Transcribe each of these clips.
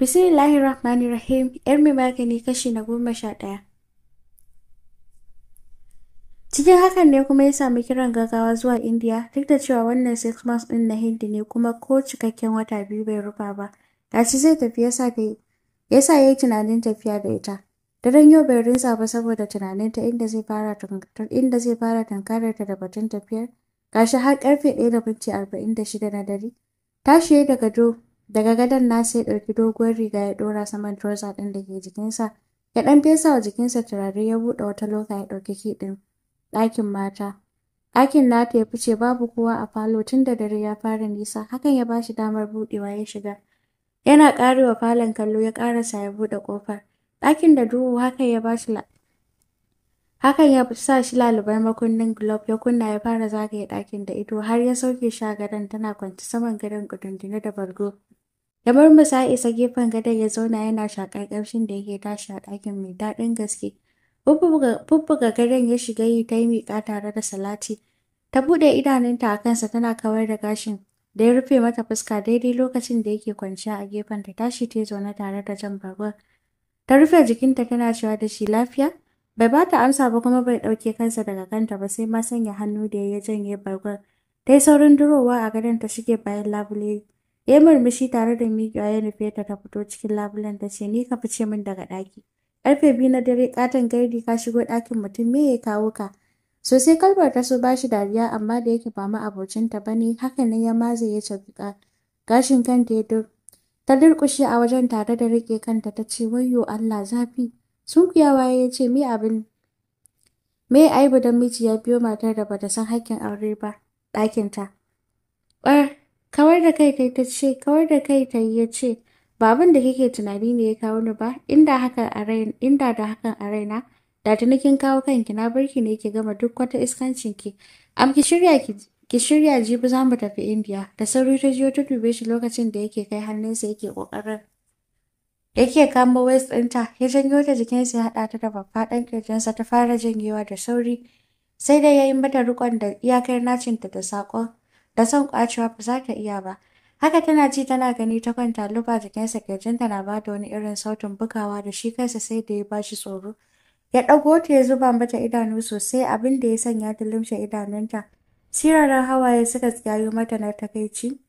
Bismillahir Rahmanir Rahim, ‘yar mai magani kashi na goma sha ɗaya. Cikin hakan ne kuma ya sami kiran gaggawa zuwa India, duk da cewa wannan six months ɗin na Hindi ne kuma ko cikakken wata biyu bai rufa ba. shi zai tafi yasa yasa ya yi tunanin tafiya da ita. Daren yau bai rinsa ba saboda tunaninta inda zai fara inda zai fara ta da batun tafiyar. Gashi har karfe ɗaya da minti arba'in da shida na dare. Tashi daga do daga gadon nasa ya ɗauki doguwar riga ya ɗora saman trouser ɗin da ke jikinsa ya ɗan fesa wa jikinsa turare ya buɗe wata loka ya ɗauki kiɗin ɗakin mata ɗakin nata ya fice babu kowa a falo tun da dare ya fara nisa hakan ya bashi damar buɗewa ya shiga yana ƙarewa falon kallo ya ƙarasa ya buɗe ƙofar ɗakin da duhu hakan ya bashi hakan ya sa shi lalubar makunnin glove ya kunna ya fara zagaye ɗakin da ido har ya sauke shagadan tana kwanci saman gadon kudundune da bargo Ya murmusa ya isa gefen gadon ya zauna yana shakar da yake tashi a ɗakin mai daɗin gaske. Bubbuga gadon ya shiga yi ta yi miƙa tare da salati. Ta buɗe idanunta a kansa tana kawar da gashin da ya rufe mata fuska daidai lokacin da yake kwanciya a gefen ta tashi ta zaune tare da jan bargon. Ta rufe jikinta tana cewa da shi lafiya. Bai ba ta amsa ba kuma bai ɗauke kansa daga kanta ba sai ma sanya hannu da ya janye bargon. Ta yi saurin durowa a gadon ta shige bayan labule Ya murmushi tare da miƙa ya nufe ta ta fito cikin labulen ta ce ni ka fice min daga ɗaki. Karfe biyu na dare katon gardi ka shigo ɗakin mutum me ya kawo ka. Sosai kalbar ta so ba shi dariya amma da yake ba ma abocinta ba ne haka ne ya maze ya cafi gashin kanta ya dur. Ta durƙushe a wajen tare da riƙe kanta ta ce wayyo Allah zafi. Sunkuyawa ya ce me abin me aibu da miji ya biyo matar da bata san hakkin aure ba ɗakinta. Ƙwar kawar da kai kai ta ce kawar da kai yi ya ce ba abin da kike tunani ne ya kawo ni ba inda haka a rai inda da hakan a raina da tuni kawo kanki na barki ne ki gama duk wata iskancin ki am ki shirya ki ki shirya jibi za mu tafi indiya da sauri ta jiyo ta dube shi lokacin da yake kai hannunsa yake kokarin yake kamo west ɗinta ya janyo ta jikinsa ya haɗa ta da faffaɗan kirjinsa ta fara janyewa da sauri sai dai ya yi mata rikon da iyakar nacinta da saƙon da son kwacewa ba za ta iya ba. Haka tana ji tana gani ta kwanta luba jikinsa kirjinta na ba da wani irin sautin bugawa da shi kansa sai da ya ba shi tsoro. Ya ɗago ta ya zuba mata idanu sosai abin da ya sanya ta lumshe idanunta. Siraran hawaye suka tsayo mata na takaici.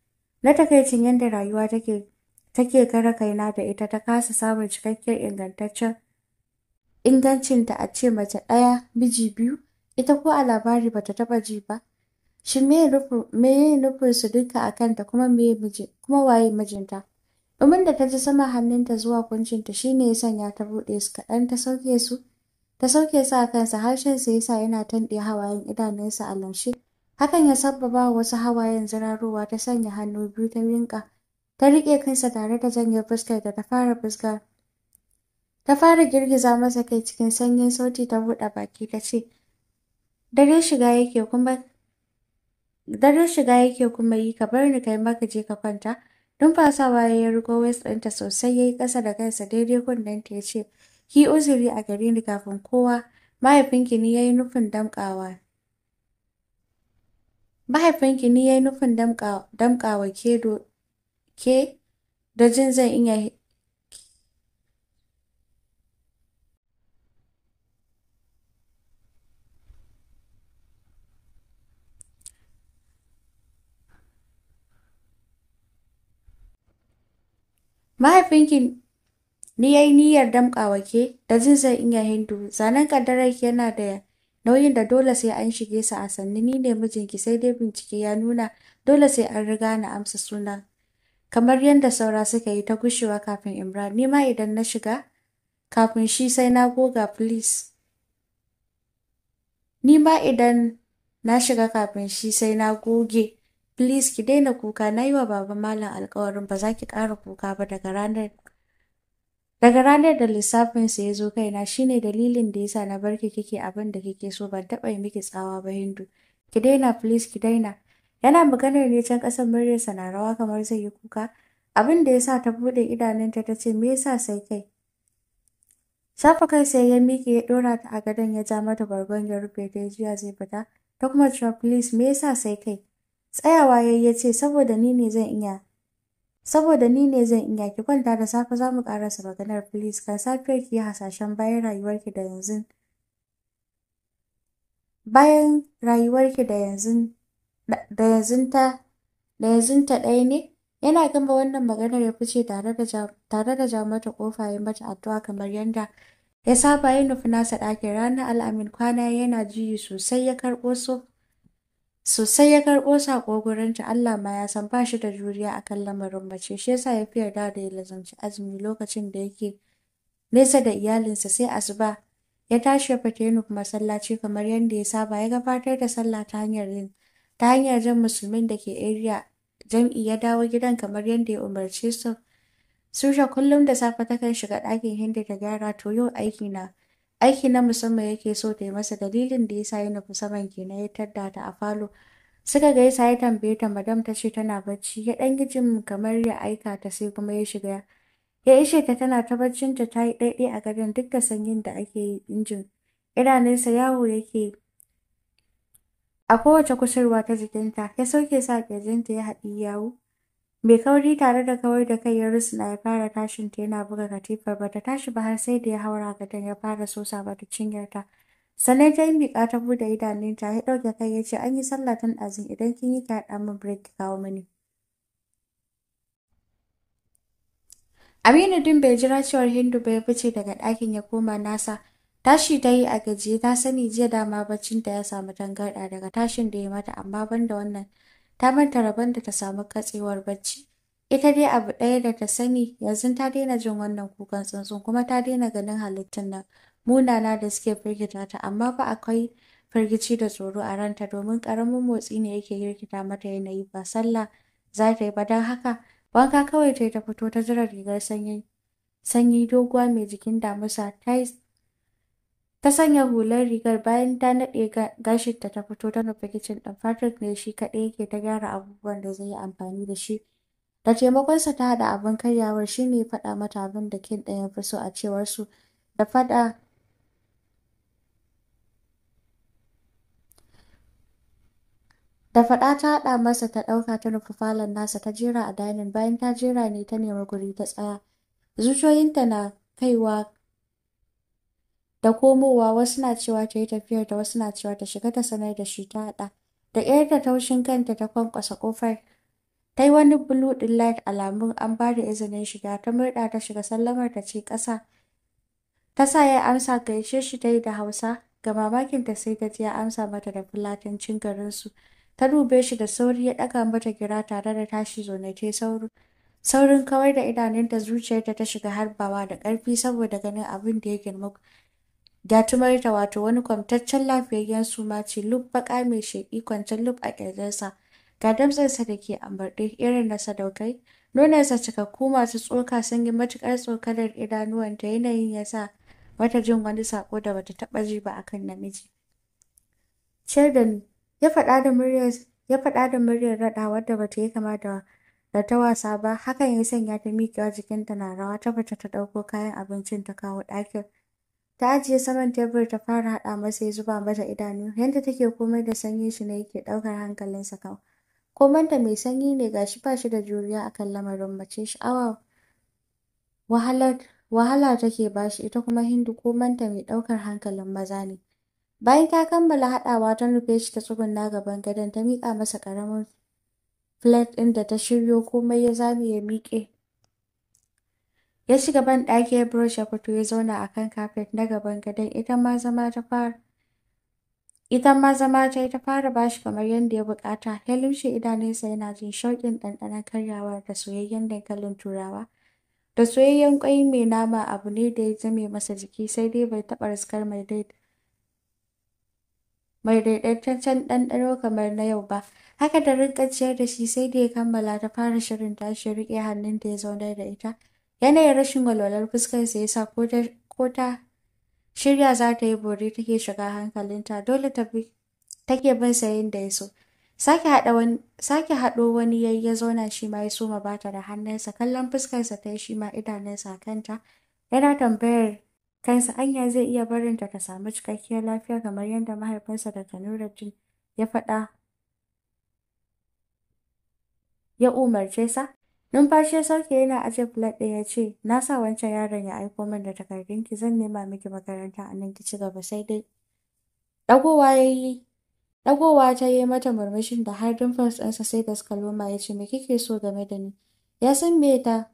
Na takaicin yadda rayuwa take take kara kaina da ita ta kasa samun cikakken ingantaccen ingancinta a ce mace ɗaya miji biyu ita ko a labari bata taɓa ji ba Shin meye nufinsu duka a kanta kuma waye mijinta? Ɗumin da ta ji sama hannunta zuwa kuncinta shi ne ya sanya ta buɗe su kaɗan ta sauke su. Ta sauke su a kansa harshen ya sa yana tanɗe hawayen idanunsa a lanshe. Hakan ya sabbaba wasu hawayen zirarowa ta sanya hannu biyu ta rinka Ta riƙe kansa tare da janyar fuska da ta fara fuskar. Ta fara girgiza masa kai cikin sanyin sauti ta buɗe baki ta ce, Dare shiga yake kuma dare shiga yake kuma yi ka bar ni kai maka je ka kwanta waye ya rigo waist ɗinta sosai yayi ƙasa da kansa daidai kunnenta ta ce ki uzuri a gari ni kafin kowa mahaifinki ni ya nufin damƙawa mahaifinki ni yayi nufin damƙawa ke do ke da jin zan iya mahaifinki ni yi niyyar damƙawa ke da jin zan iya hindu zanen kaddarar yana da nauyin da dole sai an shige sa a sannu ni ne mijinki sai dai bincike ya nuna dole sai an riga na amsa suna kamar yadda saura suka yi ta gushewa kafin imran ni ma idan na shiga kafin shi sai na goga please ni ma idan na shiga kafin shi sai na goge Please ki daina kuka na yi wa baba malam alkawarin ba za ki ƙara kuka ba daga ranar daga ranar da lissafinsa ya zo kaina shine dalilin da yasa na barki kike abin da kike so ban taɓa yi miki tsawa ba hindu ki daina please ki daina yana maganar ne can ƙasar muryarsa na rawa kamar zai yi kuka abin da yasa ta buɗe idanunta ta ce me yasa sai kai shafa kai sai ya miki ya ɗora ta a gadon ya ja mata bargon ya rufe ta jiya zai fita ta kuma cewa please me yasa sai kai Tsayawa ya yi ya ce, saboda ni ne zan iya. Saboda ni ne zan iya, ki kwanta da safe za mu karasa maganar please, ka safiyar ki yi hasashen bayan rayuwarki da yanzu. Bayan rayuwarki da yanzu da yanzu ta da yanzu ta ɗaya ne? Yana gama wannan maganar ya fice tare da tare da mata kofa ya mata addu'a kamar yanda ya saba yin nufi nasa ɗakin ranar al'amin kwana yana juyi sosai ya karɓo so Sosai ya karɓo saƙo gurinta, Allah ma ya san ba shi da juriya a kan lamarin mace, shi yasa ya fi yarda da ya lazumci azumi lokacin da yake nesa da iyalinsa sai asuba ya tashi ya fita masallaci kamar yadda ya saba ya gabatar da sallah ta hanyar yin ta hanyar jan musulmin da ke area jam'i ya dawo gidan kamar yadda ya umarce su. kullum da safe takan shiga ɗakin Hindu ta gyara to yau aiki na aiki na musamman yake so ta yi masa dalilin da ya sa ya nufi saman ke na ya tadda ta a falo suka gaisa ya tambaye ta madam ta ce tana bacci ya ɗan gijin kamar ya aika ta sai kuma ya shiga ya ishe ta tana ta barcin ta yi ɗaiɗai a gadon duk da sanyin da ake yi injin idanunsa yawo yake a kowace kusurwa ta jikinta ya sauke sa ƙirjinta ya haɗi yawo Bai kauri tare da kawai da kai ya rusuna ya fara tashin ta yana buga katifar ba ta tashi ba har sai da ya haura ga dan ya fara sosa ba ta Sannan ta yi miƙa ta buɗe idanunta ya ɗauke kai ya ce an yi sallah tun ɗazun idan kin yi ta haɗa min break kawo mini. Aminu din bai jira cewar Hindu bai fice daga ɗakin ya koma nasa. Tashi ta yi a gajiye ta sani jiya dama ta ya samu tangarɗa daga tashin da ya mata amma ban da wannan ta manta rabon da ta samu katsewar bacci ita dai abu ɗaya da ta sani yanzu ta daina jin wannan kukan tsuntsun kuma ta daina ganin halittun nan munana da suke firgita ta amma ba akwai firgici da tsoro a ranta domin karamin motsi ne yake girgita mata yanayi ba sallah za ta yi ba don haka wanka kawai ta yi ta fito ta jira rigar sanyi sanyi doguwa mai jikin damusa ta yi Ta sanya hular rigar bayan ta naɗe gashinta ta fito ta nufi kicin ɗin. Patrick ne shi kaɗai yake ta gyara abubuwan da zai yi amfani da shi. Da taimakonsa ta haɗa abin karyawar shi ne faɗa mata abin da kin da ya fi so a cewar su da faɗa Da faɗa ta haɗa masa ta ɗauka ta nufi falon nasa ta jera a dining bayan ta jera ne ta nemi guri ta tsaya. Zuciyoyinta na kaiwa da komowa wasu na cewa ta yi tafiyar ta wasu na cewa ta shiga ta sanar da shi ta haɗa da ƙyar da taushin kanta ta kwankwasa ƙofar ta yi wani bulu ɗin light alamun an ba da izinin shiga ta murɗa ta shiga sallamar ta ce ƙasa ta sa ya amsa gaishe shi ta yi da hausa ga mamakinta sai ta ji ya amsa mata da fulatancin garinsu ta dube shi da sauri ya ɗaga mata gira tare da tashi zaune ta sauri. saurin kawar da idanunta zuciyarta ta shiga harbawa da ƙarfi saboda ganin abin da ya girma da wato wani kwamtaccen lafiyayyen suma ce lub baƙa mai sheƙi kwance lub a ƙirjinsa, ga damtsensa da ke ambarɗe irin na sadaukai, nononsa cikakku masu tsoka sun yi matuƙar tsokanar idanuwanta yanayin ya sa mata jin wani saƙo da bata taɓa ji ba akan namiji. Sheldon ya faɗa da muryar ya da wadda bata yi kama da ta wasa ba hakan ya sanya ta miƙewa jikinta na rawa ta fita ta ɗauko kayan abincin ta kawo ɗakin ta ajiye saman tebur ta fara haɗa masa ya zuba mata idanu yadda take komai da sanyi shi ne yake ɗaukar hankalinsa Komai da mai sanyi ne ga shi ba shi da juriya akan lamarin mace sha'awa Awa, wahala take bashi ita kuma hindu komai da mai ɗaukar hankalin maza ne bayan ta kammala haɗawa ta rufe shi ta tsugunna gaban gadon ta miƙa masa ƙaramin flat ɗin da ta shiryo komai ya zame ya miƙe Ya shiga ban ɗaki ya brush ya fito ya zauna a kan kafet na gaban gadon ita ma zama ta fara. Ita ta yi ta fara bashi kamar yadda ya bukata, ya lumshe idanunsa yana jin shauƙin ɗanɗanon karyawa da soyayyen dankalin turawa. Da soyayyen ƙwai mai nama abu ne da ya zame masa jiki sai dai bai taɓa riskar mai mai daidaitaccen ɗanɗano kamar na yau ba. Haka da rinkaciyar da shi sai da ya kammala ta fara shirin tashi riƙe hannun da ya zaunar da ita. Yanayin rashin walwalar fuskarsa ya sa ko ta shirya za ta yi bori take shiga hankalinta dole ta take bin sayin da ya so. Sake haɗo wani yayi ya zauna shi ma ya soma ba ta da hannunsa kallon fuskarsa ta yi shi ma idanunsa kanta yana tambayar kansa anya zai iya barinta ta samu cikakkiyar lafiya kamar yadda mahaifinsa da Tanuruddin ya faɗa ya umarce sa Numfashi ya sauke yana ajiye flat ɗin ya ce, Na sa wancan yaron ya aiko min da takardunki zan nema miki makaranta a nan ki ci gaba sai dai. Ɗagowa ya yi Ɗagowa ta yi mata murmushin da har dimples ɗinsa sai da suka loma ya ce, Me kike so game da ni? Ya san me ta,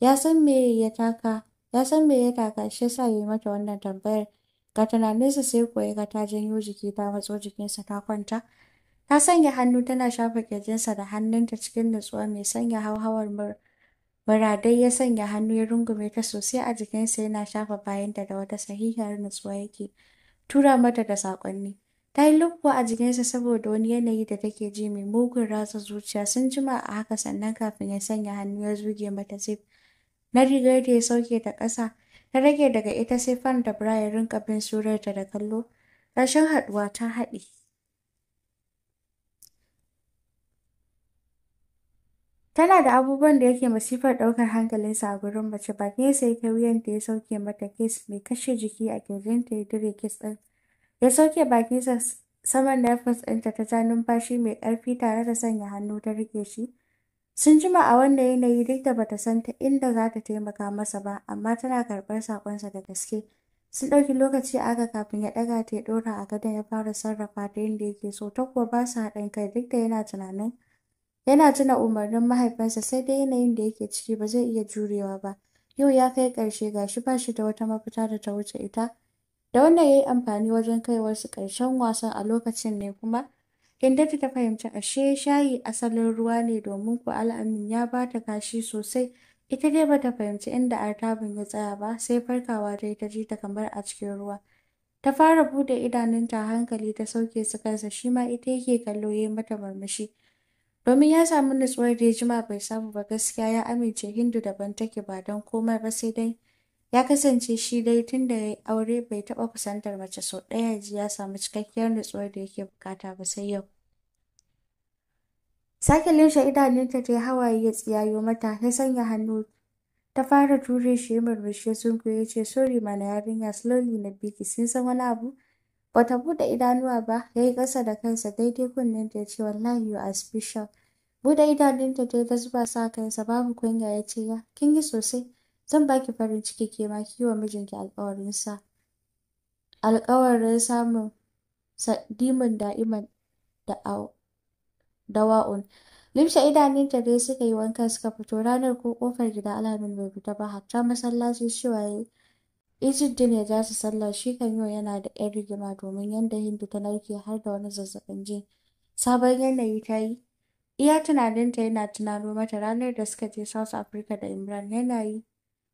ya san me ya taka, ya san me ya taka shi yasa ya yi mata wannan tambayar. Ga tunaninsa sai koyi ga ta janyo jiki ta matso jikinsa ta kwanta. Ta sanya hannu tana shafa ƙirjinsa da hannunta cikin nutsuwa mai sanya hauhawar muradai ya sanya hannu ya rungume ta sosai a jikinsa yana shafa bayanta da wata sahihar nutsuwa yake tura mata da saƙonni. Ta yi lukwa a jikinsa saboda wani yanayi da take ji mai mugun ratsa zuciya sun jima a haka sannan kafin ya sanya hannu ya zuge mata zip. Na rigar da ya sauke ta ƙasa, ta rage daga ita sai fan da bra ya rinka bin surarta da kallo. Rashin haɗuwa ta haɗe. Tana da abubuwan da yake masifar ɗaukar hankalinsa a gurin mace ba ke sai ta da ya sauke mata kes mai kashe jiki a ta ya dire kes ɗin. Ya sauke bakinsa saman nafis ɗinta ta ja numfashi mai ƙarfi tare da sanya hannu ta rike shi. Sun jima a wannan yanayi duk da bata san ta inda za ta taimaka masa ba, amma tana karɓar saƙonsa da gaske. Sun ɗauki lokaci aka kafin ya ɗaga ta ya ɗora a gadon ya fara sarrafa ta yadda yake so, ta kuwa ba su haɗin kai duk da yana tunanin Yana tuna umarnin mahaifinsa sai dai yanayin da yake ciki ba zai iya jurewa ba. Yau ya kai ƙarshe gashi ba shi da wata mafita da ta wuce ita. Da wannan ya yi amfani wajen kaiwarsu ƙarshen wasan a lokacin ne kuma Inda ta fahimci ashe shayi asalin ruwa ne domin ku al'amin ya ba ta kashi sosai. Ita dai bata fahimci inda artabin ya tsaya ba sai farkawa dai ta ji ta kamar a cikin ruwa. Ta fara bude idanunta hankali ta sauke su kansa shi ma ita yake kallo ya mata murmushi. Domin ya samu nutsuwar da ya jima bai samu ba gaskiya ya amince Hindu daban take ba don komai ba sai dai ya kasance shi dai tun da ya aure bai taba kusantar mace sau ɗaya ji ya samu cikakkiyar nutsuwar da yake bukata ba sai yau. Sake limshe idanunta ta hawaye ya tsiyayo mata ya sanya hannu ta fara ture shi ya murmushi ya sunkuyo ya ce sorry mana yarinya slowly na biki sun san wani abu Bata bude idanuwa ba, ya yi ƙasa da kansa daidai kunnenta ya ce wallahi you are special. bude idanunta ta ta zuba sa kansa babu kunya ya ce ya, kin yi sosai, zan baki farin ciki ke ma ki wa mijinki alƙawarin sa. Alƙawarin samun sadimin da'iman dawa'un. Limshe idanunta dai suka yi wanka suka fito ranar ko ƙofar gida alamin bai fita ba hatta masallaci waye. Egypt ne za su sallar shi kan yau yana da ƴan rigima domin yadda Hindu ta narke har da wani zazzaɓin jin sabon yanayi ta yi. Iya tunaninta yana tunano mata ranar da suka je South Africa da Imran yanayi.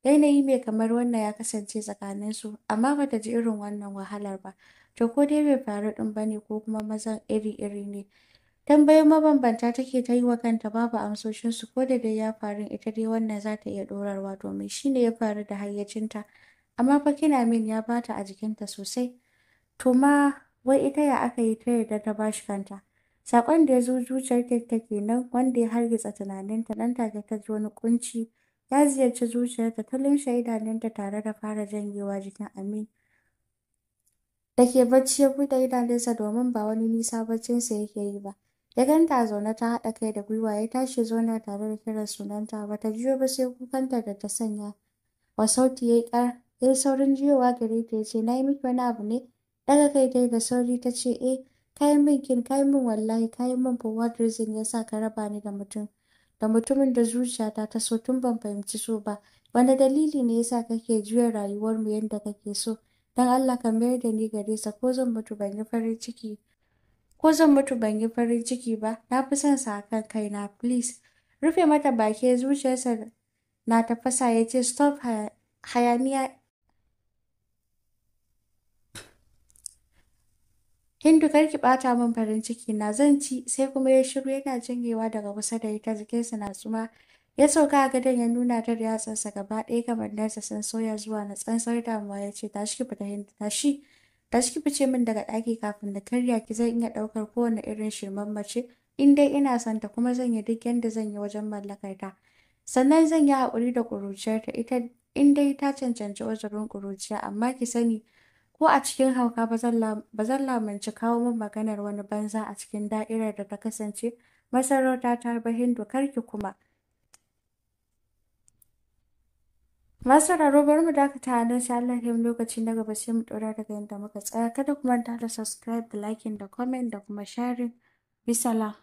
Yanayi mai kamar wannan ya kasance tsakaninsu, amma bata ji irin wannan wahalar ba. To ko dai bai faru ɗin ba ne ko kuma mazan iri-iri ne. Tambayoyin mabambanta take ta yi wa kanta babu amsoshinsu ko da dai ya faru ita dai wannan za ta iya ɗorarwa domin shi ne ya faru da hayyacinta. amma fa min ya bata a jikinta sosai to ma wai ita ya aka yi ta yarda ta bashi kanta sakon da ya zo zuciyarta ta kenan wanda ya hargitsa tunaninta dan take ta ji wani kunci ya ziyarci zuciyarta ta lumshe idanunta tare da fara janyewa jikin amin da ke bacci ya buɗe idanunsa domin ba wani nisa baccinsa yake yi ba ya ganta a zaune ta haɗa kai da gwiwa ya tashi zauna tare da kiran sunanta ba ta jiyo ba sai kukanta da ta sanya wa sauti ya yi ƙar ya yi saurin jiyowa gare ta ya ce na yi miki wani abu ne daga kai dai da sauri ta ce eh kayan min kin kayan min wallahi kayan min for what reason ya sa ka raba ni da mutum da mutumin da zuciyata ta so tun ban fahimci so ba wani dalili ne ya yasa kake juya rayuwar mu yadda kake so dan Allah ka mayar da ni gare sa ko zan mutu ban yi farin ciki ko zan mutu ban yi farin ciki ba na fi son sa kan na please rufe mata baki zuciyarsa na tafasa ya ce stop hayaniya Hindu kar ki ɓata min farin ciki na zan ci sai kuma ya shiru yana janyewa daga kusa da ita jikinsa na tsuma. Ya sauka a gadon ya nuna ta da yatsansa gaba ɗaya kamanninsa san soya zuwa na tsansar damuwa ya ce tashi ki fita Hindu tashi. Tashi ki fice min daga ɗaki kafin da karya ki zan iya ɗaukar kowane irin shirman mace in dai ina son ta kuma zan yi duk yadda zan yi wajen mallakar ta. Sannan zan yi haƙuri da ƙuruciyarta ita in dai ta cancanci wajen ƙuruciya amma ki sani Ko a cikin hauka ba zan lamunci kawo min maganar wani banza a cikin da'irar da ta kasance masarauta ta ba Hindu karki ki kuma. Masu raro bari mu ta nan sai Allah ya lokaci na gaba sai mu ɗora daga yadda muka tsaya kada kuma ta da subscribe da liking da comment da kuma sharing. Bisala.